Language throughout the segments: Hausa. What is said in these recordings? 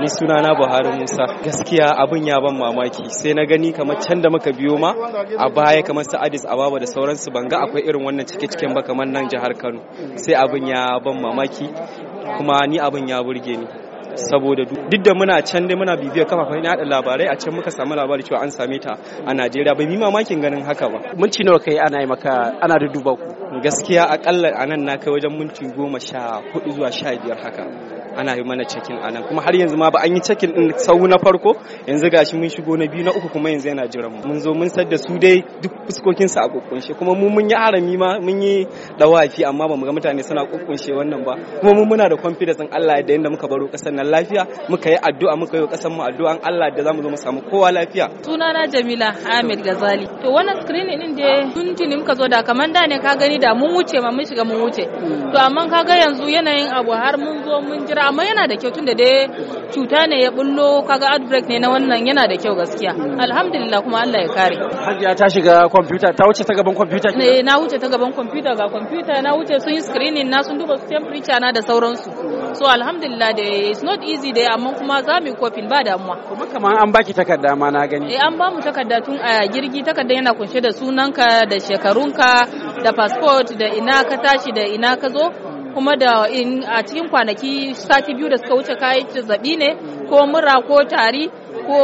ni sunana buhari musa gaskiya abin ya ban mamaki sai na gani kamar can da muka biyo ma a baya kamar su addis ababa da sauransu ga akwai irin wannan cike ciken ba kamar nan jihar kano sai abin ya ban mamaki kuma ni abin ya burge ni saboda duk da muna can dai muna bibiyar kafafen yada labarai a can muka samu labari cewa an same ta a Najeriya bai mi mamakin ganin haka ba minti nawa kai ana yi maka ana da ku gaskiya akalla anan na kai wajen minti goma sha hudu zuwa sha biyar haka ana yi mana cekin anan kuma har yanzu ma ba an yi cekin din sau na farko yanzu gashi mun shigo na biyu na uku kuma yanzu yana jiran mu mun zo mun sadda su dai duk fuskokin su a kokunshe kuma mu mun yi harami ma mun yi dawafi amma ba mu ga mutane suna kokunshe wannan ba kuma mun muna da confidence in Allah da yanda muka baro kasar nan lafiya muka yi addu'a muka yi kasar mu addu'a an Allah da zamu zo mu samu kowa lafiya sunana Jamila Ahmed Gazali to wannan screening din da tuntuni muka zo da kaman da ne ka gani da mun wuce ma mun shiga mun wuce to amma ka ga yanzu yanayin abu har mun zo mun jira amma yana da kyau tunda dai cuta ne ya bullo kaga outbreak ne na wannan yana da kyau gaskiya alhamdulillah kuma Allah ya kare hajiya ta shiga computer ta wuce ta gaban computer ne eh, na wuce ta gaban computer ga computer na wuce sun yi screening na sun duba temperature na da sauransu so alhamdulillah da it's not easy da amma kuma za mu yi kofin ba damuwa kuma kamar an baki takarda ma na gani eh an ba mu takarda tun a girgi takarda yana kunshe da sunanka da shekarunka da passport da ina ka tashi da ina ka zo kuma da a cikin kwanaki sati biyu da suka wuce kayi zazzabi ne ko mura ko tari ko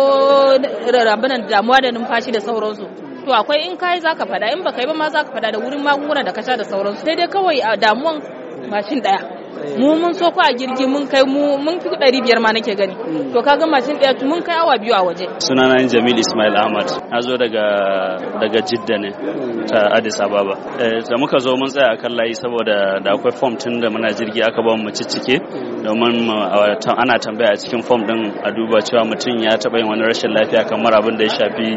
rabunan damuwa da numfashi da sauransu to akwai in kayi ka fada in baka yi ba ma za ka fada da wurin magunguna da ka sha da sauransu sai dai kawai damuwan mashin ɗaya. mu mun so ko a jirgi mun kai mu mun fi ɗari biyar ma nake gani hmm. to kaga mashin ɗaya mun kai awa biyu a waje sunana jamil ismail ahmad na zo daga daga jidda ne hmm. ta addis ababa eh, da muka zo mun tsaya akan layi saboda da akwai fom tun da muna jirgi aka ba mu ciccike hmm. domin ana tambaya a cikin fom din a duba cewa mutum ya taɓa yin wani rashin lafiya kamar abin da ya shafi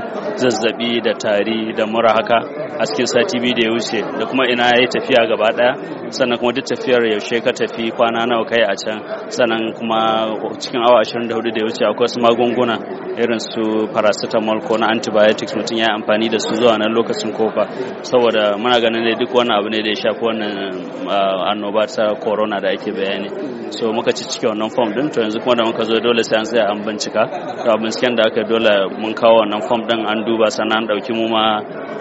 zazzabi da tari da mura haka a cikin sati biyu da ya wuce da kuma ina ya tafiya gaba ɗaya sannan kuma duk tafiyar yaushe ka tafi kwana nawa kai a can sannan kuma cikin awa 24 da ya wuce akwai su magunguna irin su paracetamol ko na antibiotics mutum ya amfani da su zuwa nan lokacin kofa saboda muna ganin da duk wannan abu ne da ya shafi wannan annoba ta corona da ake bayani so muka ci cike wannan form din to yanzu kuma da muka zo dole sai an tsaya an bincika to binciken da aka dole mun kawo wannan form din an duba sannan an dauki mu ma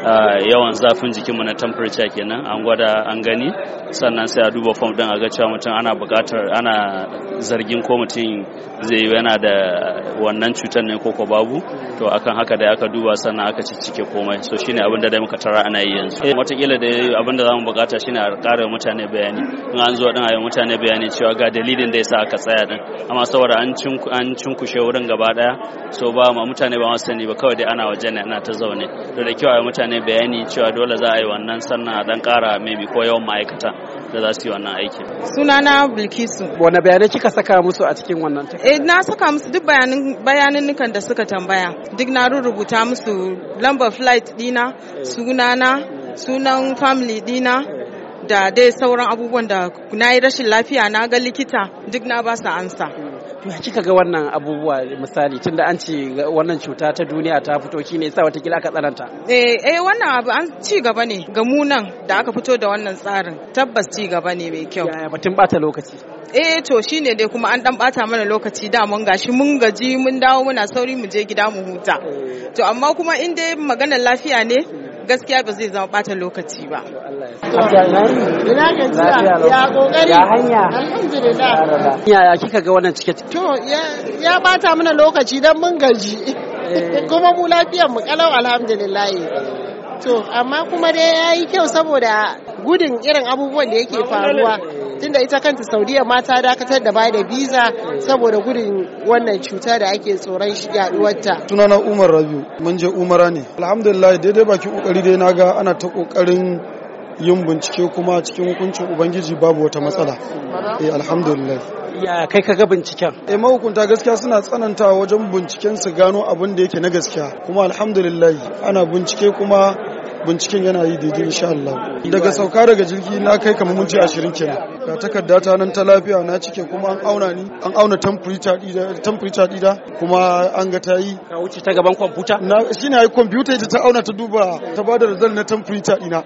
Ah, yawan zafin jikinmu na temperature kenan an gwada an gani sannan sai a duba form din a ga cewa mutum ana buƙatar ana zargin ko mutum zai yi yana da wannan cutar ne ko babu to akan haka da aka duba sannan aka ciccike komai so shine abin da dai muka tara ana yi yanzu eh, watakila da abin da zamu buƙata shine a ƙara mutane bayani in an zo din a yi mutane bayani cewa ga dalilin da yasa aka tsaya din amma saboda an an cinkushe wurin gaba daya so ba ma mutane ba ma sani ba kawai dai ana waje ne ana ta zaune to da kyau a mutane ne bayani cewa dole za a yi wannan sannan a dan kara maybe ko yawan ma'aikata da za su yi wannan aikin. Sunana Bilkisu. Wane bayanai kika saka musu a cikin wannan Eh na saka musu duk bayanin da suka tambaya. Duk na rubuta musu lambar flight dina, sunana, sunan family dina, da dai sauran abubuwan da na yi rashin lafiya na ga likita duk na ba su ansa. to ya kika ga wannan abubuwa misali tunda an ce wannan cuta ta duniya ta fito shi ne yasa watakila aka tsananta eh eh wannan abu an ci gaba ne ga mu nan da aka fito da wannan tsarin tabbas ci gaba ne mai kyau yaya batun bata lokaci eh to shine dai kuma an dan bata mana lokaci da mun gashi mun gaji mun dawo muna sauri mu je gida mu huta eh. to amma kuma in dai maganar lafiya ne gaskiya ba zai zama bata lokaci ba. Ina ya kokari ya hanya alhamdulillah. Ya kika ga wannan tiket? To ya bata mana lokaci dan mun gaji. Eh. Kuma mu lafiyar mu kalau alhamdulillah. To amma kuma dai yayi kyau saboda gudun irin abubuwan da yake faruwa. tunda ita kanta saudiya ma ta dakatar da ba da biza saboda gudun wannan cuta da ake tsoron yaduwarta sunana umar rabiu mun je umara ne alhamdulillah daidai baki kokari dai ga ana ta kokarin yin bincike kuma cikin hukuncin ubangiji babu wata matsala eh alhamdulillah ya kai kaga binciken eh mahukunta gaskiya suna tsananta wajen binciken su gano abin da yake na gaskiya kuma alhamdulillah ana bincike kuma binciken yana yi daidai insha Allah daga sauka daga jirgi na kai kamar minti ashirin kenan ga takarda ta nan ta lafiya na cike kuma an auna ni an auna temperature temperature dida kuma an ga ta yi ka wuce ta gaban computer na shine ai computer ita ta auna ta duba ta bada result na temperature dina